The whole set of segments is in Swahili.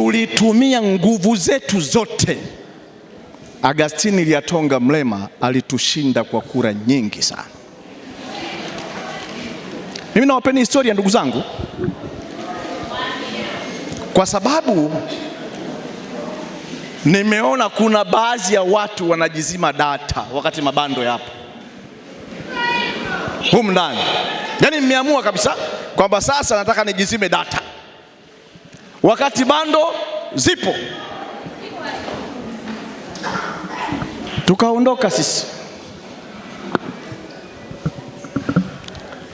tulitumia nguvu zetu zote. Agastini Lyatonga Mrema alitushinda kwa kura nyingi sana. Mimi nawapeni historia ndugu zangu, kwa sababu nimeona kuna baadhi ya watu wanajizima data wakati mabando yapo humu ndani, yaani mmeamua kabisa kwamba sasa nataka nijizime data wakati bando zipo. Tukaondoka sisi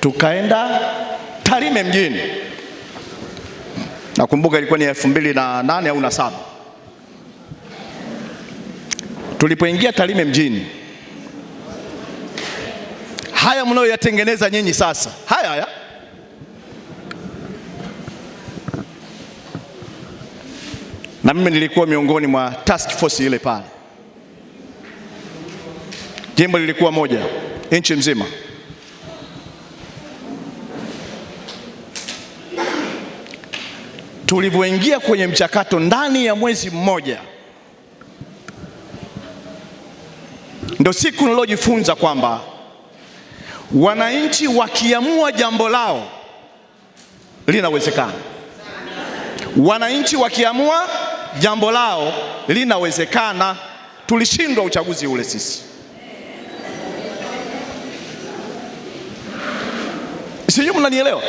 tukaenda Tarime mjini, nakumbuka ilikuwa ni elfu mbili na nane au na saba. Tulipoingia Tarime mjini, haya mnayoyatengeneza nyinyi sasa, haya haya mimi nilikuwa miongoni mwa task force ile pale. Jimbo lilikuwa moja nchi mzima. Tulivyoingia kwenye mchakato ndani ya mwezi mmoja, ndo siku nilojifunza kwamba wananchi wakiamua jambo lao linawezekana. Wananchi wakiamua jambo lao linawezekana. Tulishindwa uchaguzi ule sisi, sijui mnanielewa.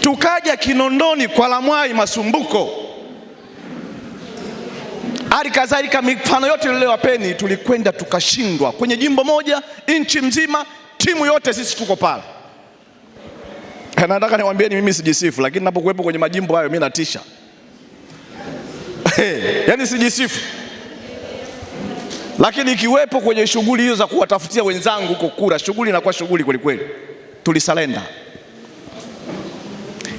Tukaja Kinondoni kwa Lamwai Masumbuko, hali kadhalika mifano yote niliyowapeni, tulikwenda tukashindwa kwenye jimbo moja, nchi mzima, timu yote sisi tuko pale. Eh, nataka ni mimi sijisifu, lakini napokuwepo kwenye majimbo hayo mimi natisha. Hey, eh, yani sijisifu, lakini ikiwepo kwenye shughuli hiyo za kuwatafutia wenzangu huko kura, shughuli inakuwa shughuli kwelikweli kweli, tulisalenda.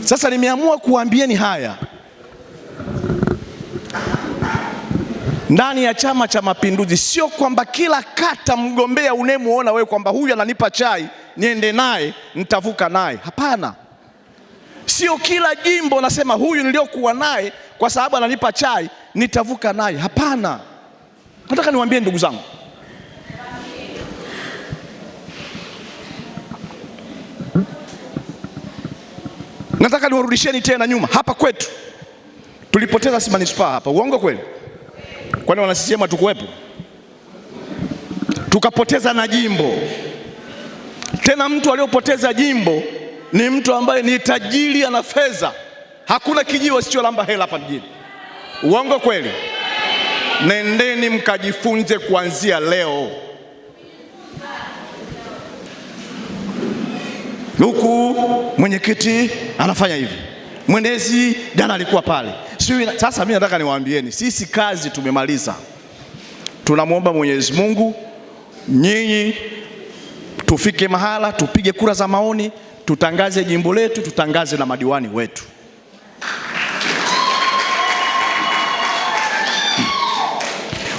Sasa nimeamua kuwaambieni haya ndani ya Chama cha Mapinduzi. Sio kwamba kila kata mgombea unemuona wewe kwamba huyu ananipa chai niende naye nitavuka naye. Hapana, sio kila jimbo nasema huyu niliyokuwa naye kwa sababu ananipa chai nitavuka naye. Hapana, nataka niwaambie ndugu zangu, nataka niwarudisheni tena nyuma. Hapa kwetu tulipoteza si hapa, uongo kweli? Kwani wanasisema tukuwepo Tukapoteza na jimbo tena mtu aliyopoteza jimbo ni mtu ambaye ni tajiri, ana fedha. Hakuna kijiwe asicholamba hela hapa mjini. Uongo kweli? Nendeni mkajifunze kuanzia leo. Huku mwenyekiti anafanya hivi, mwenezi jana alikuwa pale, sijui. Sasa mimi nataka niwaambieni, sisi kazi tumemaliza, tunamwomba Mwenyezi Mungu nyinyi tufike mahala tupige kura za maoni, tutangaze jimbo letu, tutangaze na madiwani wetu.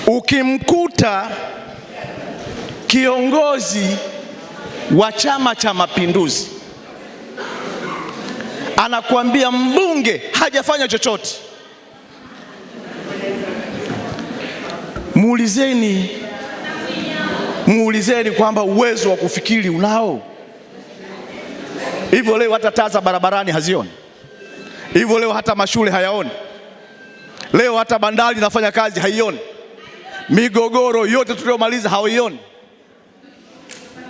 Ukimkuta kiongozi wa Chama cha Mapinduzi anakuambia mbunge hajafanya chochote, muulizeni muulizeni kwamba uwezo wa kufikiri unao. Hivyo leo hata taa za barabarani hazioni, hivyo leo hata mashule hayaoni, leo hata bandari inafanya kazi haioni, migogoro yote tuliyomaliza hawaioni.